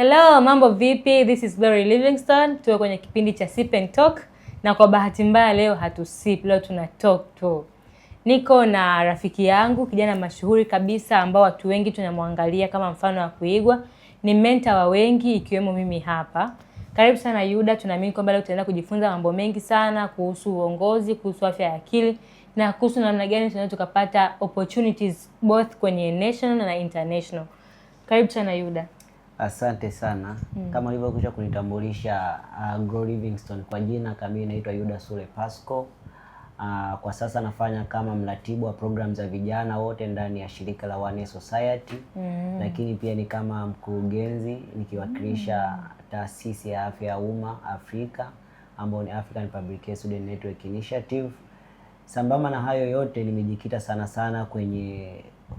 Hello, mambo vipi? This is Glory Livingstone. Tuko kwenye kipindi cha Sip and Talk na kwa bahati mbaya leo hatu sip, leo tuna talk tu. Niko na rafiki yangu kijana mashuhuri kabisa ambao watu wengi tunamwangalia kama mfano wa kuigwa, ni mentor wa wengi ikiwemo mimi hapa. Karibu sana Yuda, tunaamini kwamba leo tutaenda kujifunza mambo mengi sana kuhusu uongozi, kuhusu afya ya akili na kuhusu namna gani tunaweza tukapata opportunities both kwenye national na international. Karibu sana Yuda. Asante sana mm. Kama ulivyokwisha kunitambulisha uh, Glow Livingstone, kwa jina kamili naitwa Yuda Sule Pasco. Uh, kwa sasa nafanya kama mratibu wa programu za vijana wote ndani ya shirika la One Society mm. Lakini pia ni kama mkurugenzi nikiwakilisha mm. taasisi ya afya ya umma Afrika ambayo ni African Public Health Student Network Initiative. Sambamba na hayo yote, nimejikita sana sana kwenye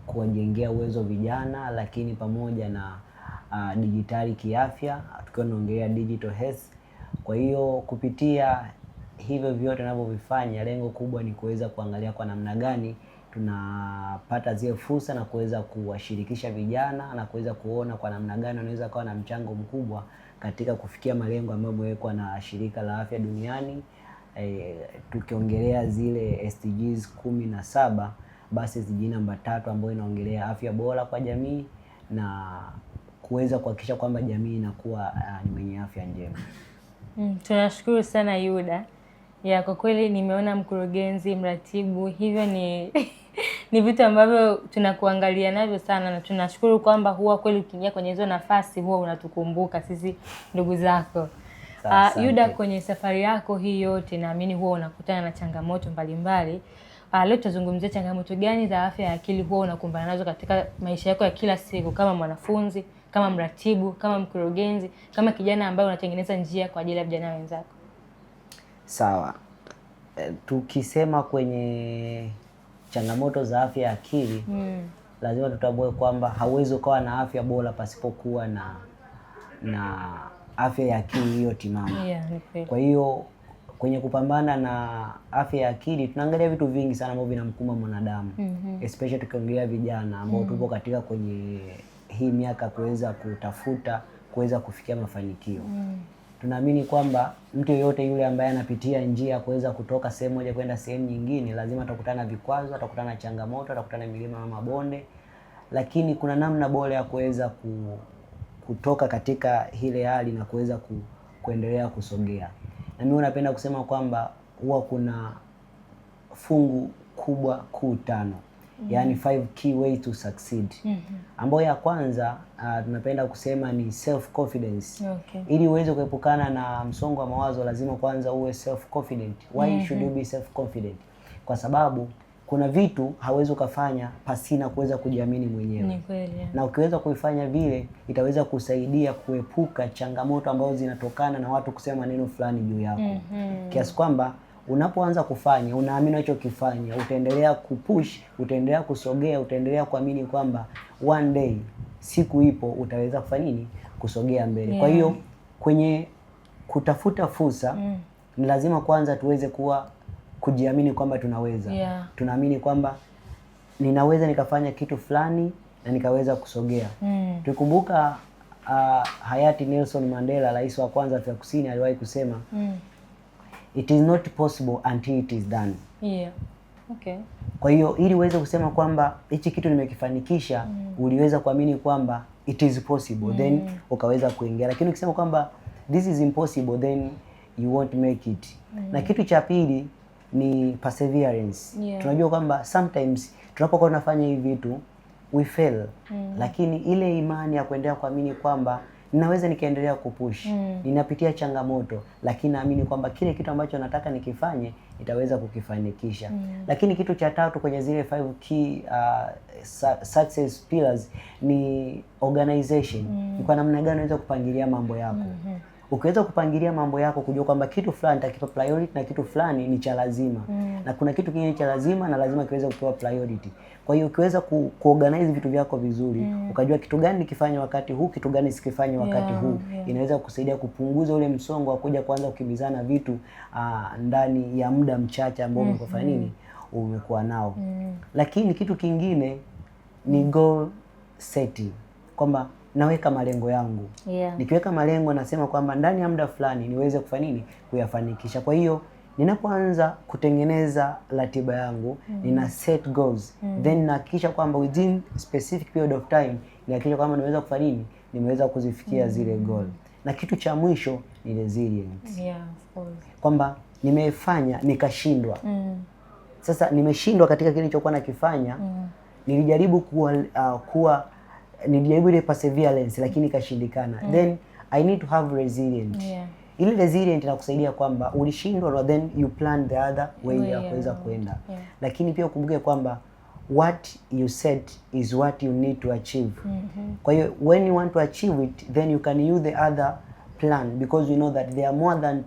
kuwajengea uwezo vijana, lakini pamoja na uh, ah, dijitali kiafya, tukiwa tunaongelea digital health. Kwa hiyo kupitia hivyo vyote navyovifanya, lengo kubwa ni kuweza kuangalia kwa namna gani tunapata zile fursa na kuweza kuwashirikisha vijana na kuweza kuona kwa namna gani wanaweza kuwa na mchango mkubwa katika kufikia malengo ambayo yamewekwa na Shirika la Afya Duniani. E, tukiongelea zile SDGs kumi na saba, basi SDG namba tatu ambayo inaongelea afya bora kwa jamii na kuweza kuhakikisha kwamba jamii inakuwa ah, ni uh, mwenye afya njema. Mm, tunashukuru sana Yuda. Ya, kwa kweli nimeona mkurugenzi, mratibu, hivyo ni ni vitu ambavyo tunakuangalia navyo sana, na tunashukuru kwamba huwa kweli ukiingia kwenye hizo nafasi huwa unatukumbuka sisi ndugu zako. Uh, Yuda, kwenye safari yako hii yote naamini huwa unakutana na changamoto mbalimbali. Uh, leo tutazungumzia changamoto gani za afya ya akili huwa unakumbana nazo katika maisha yako ya kila siku kama mwanafunzi kama mratibu, kama mkurugenzi, kama kijana ambaye unatengeneza njia kwa ajili ya vijana wenzako? Sawa. E, tukisema kwenye changamoto za afya ya akili mm. lazima tutambue kwamba hauwezi ukawa na afya bora pasipokuwa na na afya ya akili hiyo timamu. Yeah, kwa hiyo kwenye kupambana na afya ya akili tunaangalia vitu vingi sana ambavyo vinamkumba mwanadamu mm -hmm. especially tukiongelea vijana ambao mm. tupo katika kwenye hii miaka kuweza kutafuta kuweza kufikia mafanikio mm. Tunaamini kwamba mtu yeyote yule ambaye anapitia njia ya kuweza kutoka sehemu moja kwenda sehemu nyingine, lazima atakutana na vikwazo, atakutana na changamoto, atakutana na milima na mabonde, lakini kuna namna bora ya kuweza kutoka katika hile hali na kuweza ku, kuendelea kusogea. Na mimi napenda kusema kwamba huwa kuna fungu kubwa kuu tano. -hmm. yani five key way to succeed mm -hmm. ambayo ya kwanza uh, tunapenda kusema ni self confidence okay. ili uweze kuepukana na msongo wa mawazo lazima kwanza uwe self confident why mm -hmm. should you be self confident kwa sababu kuna vitu hawezi ukafanya pasina kuweza kujiamini mwenyewe kweli, na ukiweza kuifanya vile itaweza kusaidia kuepuka changamoto ambazo zinatokana na watu kusema maneno fulani juu yako mm -hmm. kiasi kwamba unapoanza kufanya, unaamini unachokifanya, utaendelea kupush, utaendelea kusogea, utaendelea kuamini kwamba one day, siku ipo, utaweza kufanya nini, kusogea mbele. Yeah. Kwa hiyo kwenye kutafuta fursa mm. lazima kwanza tuweze kuwa kujiamini kwamba tunaweza. Yeah. Tunaamini kwamba ninaweza nikafanya kitu fulani na nikaweza kusogea. Mm. Tukumbuka uh, hayati Nelson Mandela, rais wa kwanza Afrika Kusini, aliwahi kusema mm it is not possible until it is done. Yeah. Okay. Kwa hiyo ili uweze kusema kwamba hichi kitu nimekifanikisha, mm. uliweza kuamini kwamba it is possible mm. then ukaweza kuingia, lakini ukisema kwamba this is impossible then you won't make it mm. na kitu cha pili ni perseverance yeah. Tunajua kwamba sometimes tunapokuwa tunafanya hivi vitu we fail mm. lakini ile imani ya kuendelea kuamini kwamba ninaweza nikaendelea kupush mm. Ninapitia changamoto, lakini naamini kwamba kile kitu ambacho nataka nikifanye nitaweza kukifanikisha mm. Lakini kitu cha tatu kwenye zile five key uh, success pillars ni organization mm. Kwa namna gani unaweza kupangilia mambo yako mm -hmm ukiweza kupangilia mambo yako kujua kwamba kitu fulani takipa priority na kitu fulani ni cha lazima mm. na kuna kitu kingine cha lazima na lazima kiweze kupewa priority. Kwa hiyo ukiweza ku, kuorganize vitu vyako vizuri mm. ukajua kitu gani nikifanya wakati huu, kitu gani sikifanye wakati yeah, huu yeah. inaweza kusaidia kupunguza ule msongo wa kuja kuanza kukimbizana vitu uh, ndani ya muda mchache ambao mm -hmm. umekufanya nini umekuwa nao mm. Lakini kitu kingine ni goal setting kwamba naweka malengo yangu yeah. Nikiweka malengo nasema kwamba ndani ya muda fulani niweze kufanya nini, kuyafanikisha. Kwa hiyo ninapoanza kutengeneza ratiba yangu mm. nina set goals mm. then nahakikisha kwamba within specific period of time nihakikisha kwamba nimeweza kufanya nini, nimeweza kuzifikia mm. zile goal, na kitu cha mwisho ni resilience yeah, of course. kwamba nimefanya nikashindwa mm. Sasa nimeshindwa katika kile nilichokuwa nakifanya mm. nilijaribu kuwa, uh, kuwa nijaribu ile perseverance lakini ikashindikana Mm. Then I need to have resilient. Yeah. Ile resilient inakusaidia kwamba ulishindwa na then you plan the other way ya kuweza kwenda. Yeah. Lakini pia ukumbuke kwamba what you said is what you need to achieve. Mm -hmm. Kwa hiyo when you want to achieve it then you can use the other plan because you know that there are more than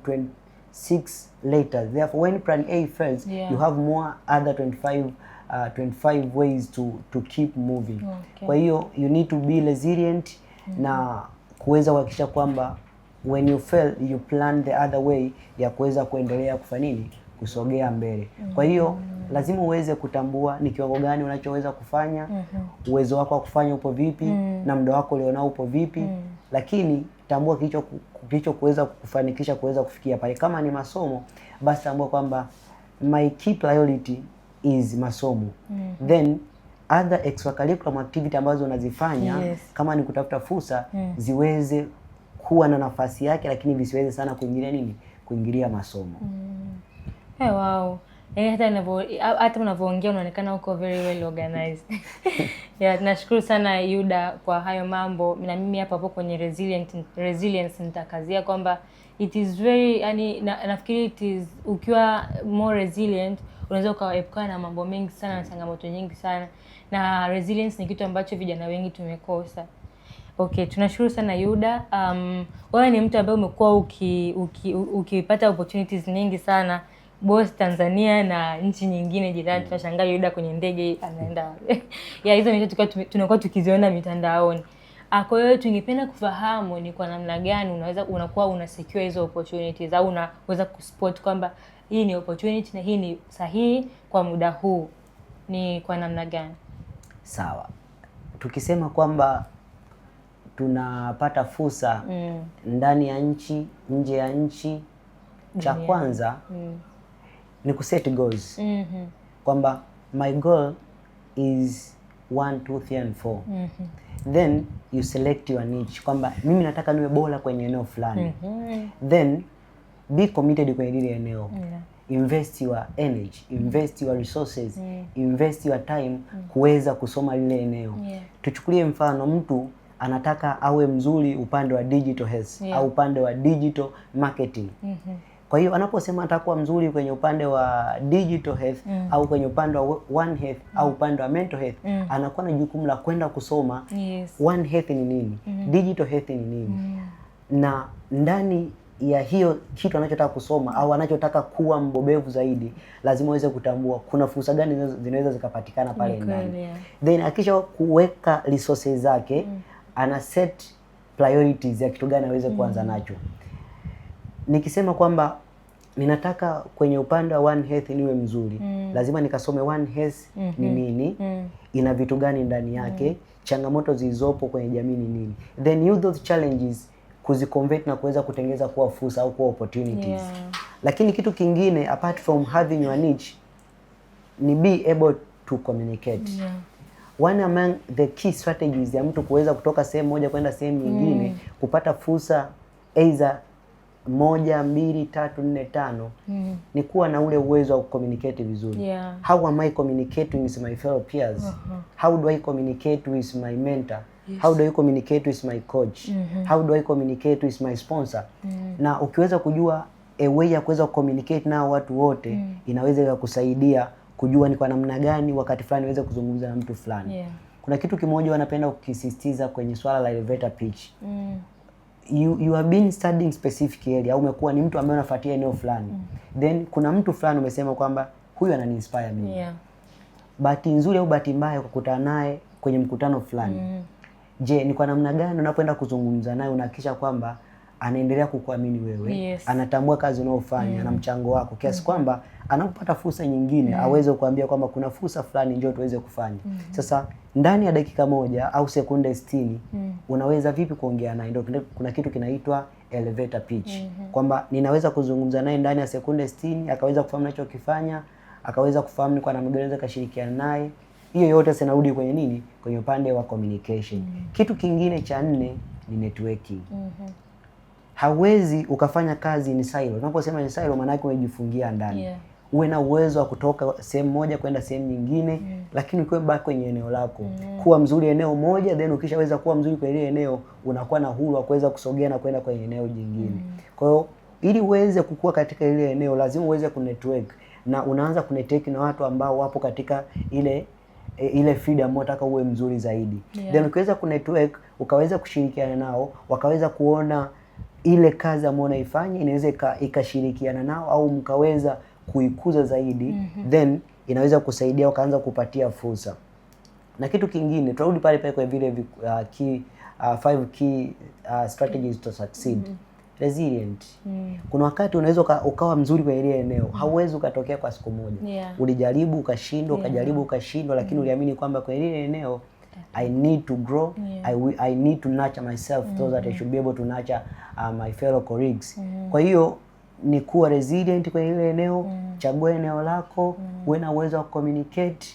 26 later. Therefore when plan A fails yeah. you have more other 25 uh, 25 ways to, to keep moving okay. Kwa hiyo you need to be resilient mm -hmm. na kuweza kuhakikisha kwamba when you fail you plan the other way ya kuweza kuendelea kufanya nini, kusogea mbele mm -hmm. Kwa hiyo mm-hmm. lazima uweze kutambua ni kiwango gani unachoweza kufanya mm -hmm. uwezo wako wa kufanya upo vipi mm -hmm. na muda wako ulionao upo vipi mm -hmm. lakini tambua kilicho kilicho kuweza kufanikisha kuweza kufikia pale. Kama ni masomo, basi tambua kwamba my key priority is masomo mm -hmm. then other extracurricular activity ambazo unazifanya yes. kama ni kutafuta fursa mm. ziweze kuwa na nafasi yake, lakini visiweze sana kuingilia nini, kuingilia masomo mm. Mm-hmm. Hey, eh, wow. Yaani hata ninavyo hata unavyoongea unaonekana uko very well organized. Yeah, nashukuru sana Yuda kwa hayo mambo. Na mimi hapa hapo kwenye resilient resilience nitakazia kwamba it is very yani, na, nafikiri it is ukiwa more resilient unaweza ukaepukana na mambo mengi sana na changamoto nyingi sana, na resilience ni kitu ambacho vijana wengi tumekosa. Okay, tunashukuru sana Yuda. Um, wewe ni mtu ambaye umekuwa ukipata uki, uki, uki opportunities nyingi sana boss Tanzania na nchi nyingine jirani mm. Tunashangaa Yuda kwenye ndege anaenda ya hizo ni tunakuwa tukiziona mitandaoni. Ah, kwa hiyo tungependa kufahamu ni kwa namna gani unaweza unakuwa unasecure hizo opportunities au unaweza kuspot kwamba hii ni opportunity na hii ni sahihi kwa muda huu, ni kwa namna gani? Sawa, tukisema kwamba tunapata fursa mm. ndani ya nchi, nje ya nchi, cha kwanza mm. ni kuset goals mm -hmm. kwamba my goal is 1 2 3 4 mm -hmm. then you select your niche, kwamba mimi nataka niwe bora kwenye eneo fulani mm -hmm. then be committed kwenye lile eneo yeah. Invest your energy, invest your resources yeah. Invest your time mm. kuweza kusoma lile eneo yeah. Tuchukulie mfano mtu anataka awe mzuri upande wa digital health yeah. au upande wa digital marketing mm -hmm. Kwa hiyo anaposema atakuwa mzuri kwenye upande wa digital health mm. -hmm. au kwenye upande wa one health mm. -hmm. au upande wa mental health mm. -hmm. anakuwa na jukumu la kwenda kusoma yes. one health ni nini mm -hmm. digital health ni nini mm. na ndani ya hiyo kitu anachotaka kusoma au anachotaka kuwa mbobevu zaidi, lazima uweze kutambua kuna fursa gani zinaweza zikapatikana pale ndani, yeah. Then akisha kuweka resources zake mm. ana set priorities ya kitu gani aweze kuanza mm. nacho. Nikisema kwamba ninataka kwenye upande wa One Health niwe mzuri mm. lazima nikasome One Health mm -hmm. ni mm-hmm. nini mm. ina vitu gani ndani yake mm. changamoto zilizopo kwenye jamii ni nini, then you those challenges kuziconvert na kuweza kutengeza kuwa fursa au kuwa opportunities. Yeah. Lakini kitu kingine apart from having your niche ni be able to communicate. Yeah. One among the key strategies ya mtu kuweza kutoka sehemu moja kwenda sehemu nyingine mm. kupata fursa either moja mbili tatu nne tano mm. ni kuwa na ule uwezo wa kucommunicate vizuri. Yeah. How am I communicating with my fellow peers? Uh -huh. How do I communicate with my mentor? Yes. How do I communicate with my coach? Mm -hmm. How do I communicate with my sponsor? Mm -hmm. Na ukiweza kujua a way ya kuweza communicate nao watu wote mm -hmm. inaweza ikakusaidia kujua ni kwa namna gani wakati fulani uweze kuzungumza na mtu fulani. Yeah. Kuna kitu kimoja wanapenda kukisisitiza kwenye swala la elevator pitch. Mm. You, you have been studying specific area, au umekuwa ni mtu ambaye unafuatia eneo fulani. Mm. Then kuna mtu fulani umesema kwamba huyu ananiinspire mimi. Yeah. Bahati nzuri au bahati mbaya kukutana naye kwenye mkutano fulani. Mm je, ni kwa namna gani unapoenda kuzungumza naye unahakikisha kwamba anaendelea kukuamini wewe yes. Anatambua kazi unaofanya mm. na mchango wako kiasi mm. kwamba anapopata fursa nyingine mm. aweze kuambia kwamba kuna fursa fulani njoo tuweze kufanya mm. Sasa ndani ya dakika moja au sekunde 60 mm. unaweza vipi kuongea naye? Ndio kuna kitu kinaitwa elevator pitch mm -hmm. kwamba ninaweza kuzungumza naye ndani ya sekunde 60 akaweza kufahamu nachokifanya, akaweza kufahamu ni kwa namna gani anaweza akashirikiana naye hiyo yote zinarudi kwenye nini, kwenye upande wa communication. Mm -hmm. Kitu kingine cha nne ni networking. Mm -hmm. Hawezi ukafanya kazi in silo. Unaposema in silo, maana yake umejifungia ndani. Yeah. Uwe na uwezo wa kutoka sehemu moja kwenda sehemu nyingine, mm. -hmm. lakini ukiwa bado kwenye eneo lako mm. -hmm. kuwa mzuri eneo moja, then ukishaweza kuwa mzuri kwenye ile eneo, unakuwa na huru wa kuweza kusogea na kwenda kwenye eneo jingine mm. -hmm. kwa hiyo ili uweze kukua katika ile eneo lazima uweze kunetwork, na unaanza kunetwork na watu ambao wapo katika ile e, ile freedom unataka uwe mzuri zaidi yeah. Then ukiweza ku network ukaweza kushirikiana nao wakaweza kuona ile kazi ambayo unaifanya inaweza ikashirikiana nao au mkaweza kuikuza zaidi mm -hmm. Then inaweza kusaidia wakaanza kupatia fursa na kitu kingine, tunarudi pale pale kwa vile uh, key, uh, five key uh, strategies to succeed mm -hmm resilient. Mm. Kuna wakati unaweza uka, ukawa mzuri kwa ile eneo mm. hauwezi ukatokea kwa siku moja yeah. Ulijaribu ukashindwa, yeah. ukajaribu ukashindwa, lakini mm. uliamini kwamba kwa ile eneo I need to grow yeah. I, will, I need to nurture myself mm. so that I mm. should be able to nurture uh, my fellow colleagues mm. kwa hiyo ni kuwa resilient kwenye ile eneo mm. chagua eneo lako mm. uwe na uwezo wa communicate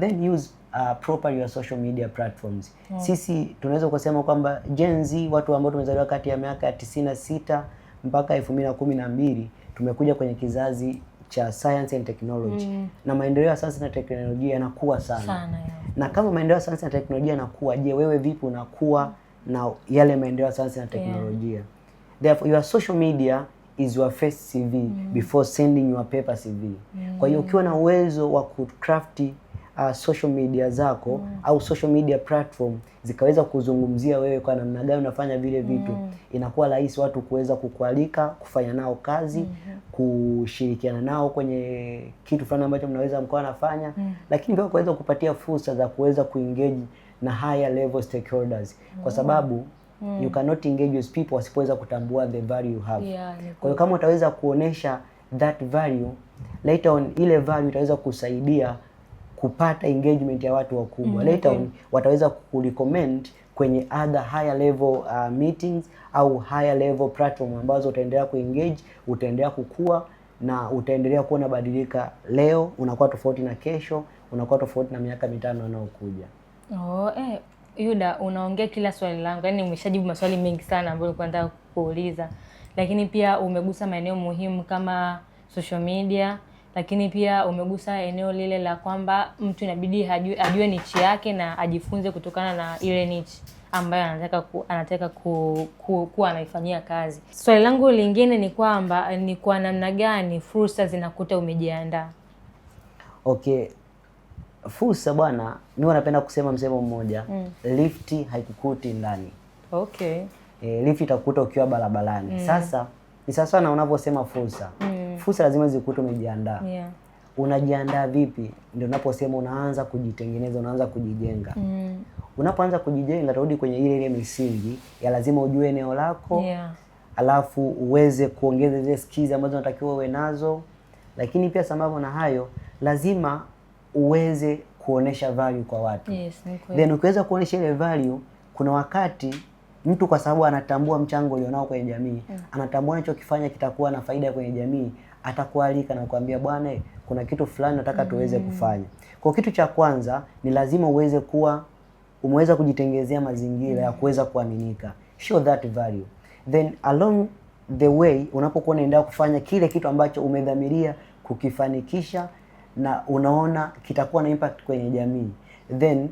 then use uh, proper your social media platforms mm. Sisi tunaweza kusema kwamba Gen Z, watu ambao tumezaliwa kati ya miaka ya tisini na sita mpaka elfu mbili na kumi na mbili tumekuja kwenye kizazi cha science and technology mm. na maendeleo ya sayansi na teknolojia yanakuwa sana, sana ya. Na kama maendeleo ya sayansi na teknolojia yanakuwa, je, wewe vipi unakuwa na yale maendeleo ya sayansi na teknolojia yeah. Therefore your social media is your first CV mm. before sending your paper CV mm. Kwa hiyo ukiwa na uwezo wa kucraft uh, social media zako mm. au social media platform zikaweza kuzungumzia wewe kwa namna gani unafanya vile vitu mm. Inakuwa rahisi watu kuweza kukualika kufanya nao kazi mm -hmm. kushirikiana nao kwenye kitu fulani ambacho mnaweza mkawa nafanya mm. Lakini pia kuweza kupatia fursa za kuweza kuengage na higher level stakeholders mm. kwa sababu mm. you cannot engage with people wasipoweza kutambua the value you have yeah, yeah. Kwa hiyo kama utaweza kuonesha that value later on, ile value itaweza kusaidia kupata engagement ya watu wakubwa. mm -hmm. Later on wataweza kurecommend kwenye other higher level uh, meetings au higher level platform ambazo utaendelea kuengage, utaendelea kukua na utaendelea kuona badilika. Leo unakuwa tofauti na kesho, unakuwa tofauti na miaka mitano inayokuja. Oh, eh, Yuda unaongea kila swali langu, yaani umeshajibu maswali mengi sana ambayo nilikuwa nataka kuuliza, lakini pia umegusa maeneo muhimu kama social media lakini pia umegusa eneo lile la kwamba mtu inabidi ajue, ajue nichi yake na ajifunze kutokana na ile nichi ambayo anataka ku, anataka ku, ku, kuwa anaifanyia kazi. Swali so, langu lingine ni kwamba ni kwa namna gani fursa zinakuta umejiandaa? Okay, fursa bwana, mimi wanapenda kusema msemo mmoja mm. Lifti haikukuti ndani. Okay. E, eh, lifti itakukuta ukiwa barabarani mm. Sasa ni sawa na unavyosema fursa mm fursa lazima zikute, umejiandaa yeah. Unajiandaa vipi? Ndio unaposema unaanza kujitengeneza, unaanza kujijenga mm. Unapoanza kujijenga, tarudi kwenye ile ile misingi ya lazima ujue eneo lako yeah. Alafu uweze kuongeza zile skills ambazo unatakiwa uwe nazo, lakini pia sambamba na hayo lazima uweze kuonesha value kwa watu yes, then ukiweza kuonesha ile value, kuna wakati mtu kwa sababu anatambua mchango ulionao kwenye jamii mm. anatambua anachokifanya kitakuwa na faida kwenye jamii, atakualika na kuambia bwana, kuna kitu fulani nataka mm tuweze kufanya. Kwa kitu cha kwanza ni lazima uweze kuwa umeweza kujitengezea mazingira mm ya kuweza kuaminika, show that value then along the way unapokuwa unaendelea kufanya kile kitu ambacho umedhamiria kukifanikisha na unaona kitakuwa na impact kwenye jamii, then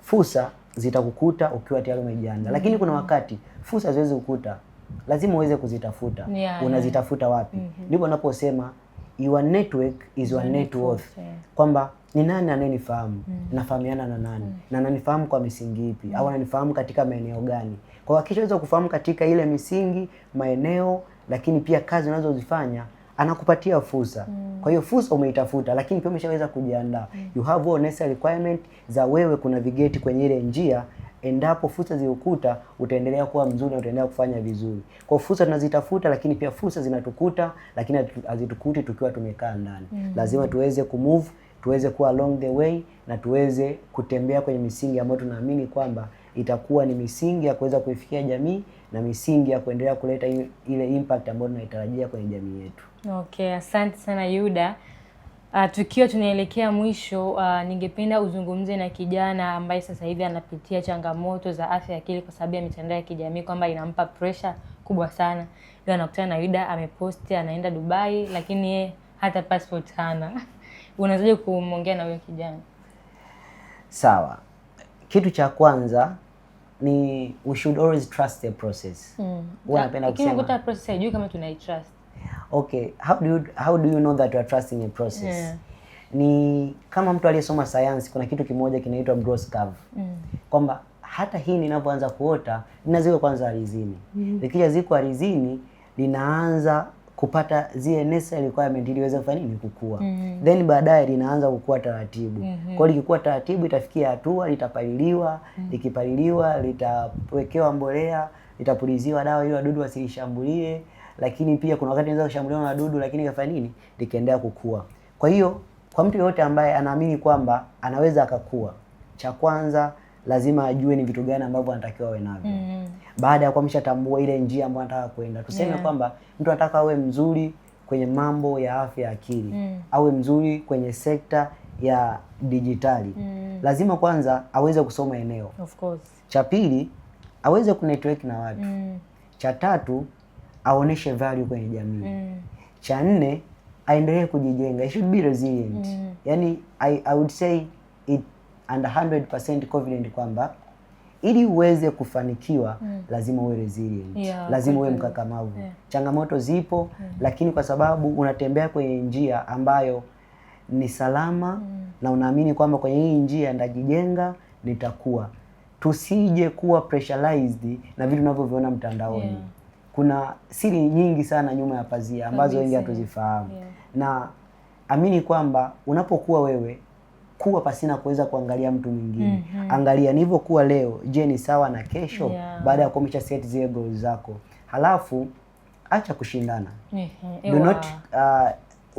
fursa zitakukuta ukiwa tayari umejiandaa. mm Lakini mm-hmm. kuna wakati fursa haziwezi kukuta lazima uweze kuzitafuta yeah, unazitafuta yeah. wapi? mm -hmm. Ndipo unaposema your network is your net worth yeah. kwamba ni nani anayenifahamu mm. nafahamiana na nani mm. na ananifahamu kwa misingi ipi mm. au ananifahamu katika maeneo gani? Kwa hakika uweze kufahamu katika ile misingi, maeneo, lakini pia kazi unazozifanya anakupatia fursa mm. Kwa hiyo fursa umeitafuta, lakini pia umeshaweza kujiandaa mm. you have all necessary requirement za wewe kuna vigeti kwenye ile njia endapo fursa ziukuta utaendelea kuwa mzuri na utaendelea kufanya vizuri. Kwa fursa tunazitafuta, lakini pia fursa zinatukuta, lakini hazitukuti tukiwa tumekaa ndani mm. Lazima tuweze kumove, tuweze kuwa along the way na tuweze kutembea kwenye misingi ambayo tunaamini kwamba itakuwa ni misingi ya kuweza kuifikia jamii na misingi ya kuendelea kuleta ile impact ambayo tunaitarajia kwenye jamii yetu. Okay, asante sana Yuda. Uh, ah, tukiwa tunaelekea mwisho, uh, ningependa uzungumze na kijana ambaye sasa hivi anapitia changamoto za afya ya akili kwa sababu ya mitandao ya kijamii kwamba inampa pressure kubwa sana. Leo anakutana na Yuda ameposti anaenda Dubai, lakini yeye hata passport hana. Unawezaje kumwongea na huyo kijana? Sawa, kitu cha kwanza ni we should always trust the process. Mm. Huwa napenda kusema, process haijui kama trust okay, how do you, how do you know that you are trusting a process? Yeah. Ni kama mtu aliyesoma sayansi, kuna kitu kimoja kinaitwa growth curve mm. kwamba hata hii ninavyoanza kuota linazikwa kwanza alizini mm. Mm-hmm. likija ziko alizini linaanza kupata zile necessary requirement ili iweze kufanya nini kukua. mm Then baadaye linaanza kukua taratibu. mm -hmm. Kwa hiyo likikua taratibu itafikia hatua litapaliliwa. mm -hmm. litawekewa mbolea, litapuliziwa dawa ili wadudu wasilishambulie lakini pia kuna wakati inaweza kushambuliwa na wadudu, lakini ikafanya nini, likiendelea kukua. Kwa hiyo kwa mtu yoyote ambaye anaamini kwamba anaweza akakua, cha kwanza lazima ajue ni vitu gani ambavyo anatakiwa awe navyo. mm -hmm. Baada ya kuwa ameshatambua ile njia ambayo anataka kwenda, tuseme yeah. kwamba mtu anataka awe mzuri kwenye mambo ya afya ya akili mm. awe mzuri kwenye sekta ya dijitali mm. lazima kwanza aweze kusoma eneo of course. Cha pili aweze kunetwork na watu mm. Cha tatu aoneshe value kwenye jamii mm. Cha nne aendelee kujijenga, he should be resilient mm. Yani I, I would say it under 100% confident kwamba ili uweze kufanikiwa mm. lazima uwe resilient yeah, lazima uwe mkakamavu yeah. Changamoto zipo mm. lakini kwa sababu unatembea kwenye njia ambayo ni salama mm. na unaamini kwamba kwenye hii njia ndajijenga, nitakuwa. Tusije kuwa pressurized na vitu unavyoviona mtandaoni yeah kuna siri nyingi sana nyuma ya pazia ambazo wengi hatuzifahamu. Yeah. Na amini kwamba unapokuwa wewe kuwa pasina kuweza kuangalia mtu mwingine. mm -hmm. Angalia nilivyokuwa leo, je, ni sawa na kesho? Yeah. Baada ya kuomesha set zile goals zako, halafu acha kushindana. mm -hmm. Do not uh,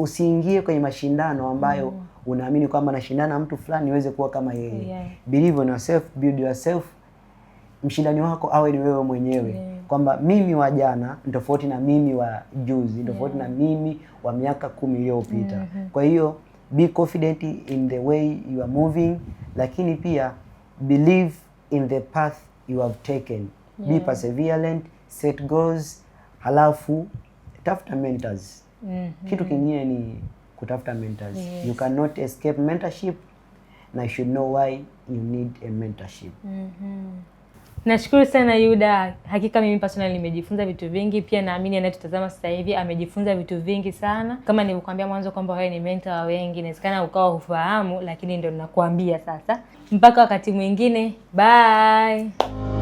usiingie kwenye mashindano ambayo mm -hmm. unaamini kwamba nashindana na mtu fulani niweze kuwa kama yeye. Yeah. Believe in yourself, build yourself. Mshindani wako awe ni wewe mwenyewe. Yeah kwamba mimi wa jana ni tofauti na mimi wa juzi, tofauti yeah. na mimi wa miaka kumi iliyopita mm -hmm. Kwa hiyo be confident in the way you are moving, lakini pia believe in the path you have taken yeah. Be perseverant, set goals, halafu tafuta mentors mm -hmm. Kitu kingine ni kutafuta mentors yes. You cannot escape mentorship na you should know why you need a mentorship mm -hmm. Nashukuru sana Yuda, hakika mimi personally nimejifunza vitu vingi, pia naamini anayetutazama sasa hivi amejifunza vitu vingi sana. Kama nilivyokuambia mwanzo kwamba wewe ni mentor wa wengi, inawezekana ukawa hufahamu, lakini ndio ninakuambia sasa. Mpaka wakati mwingine, bye.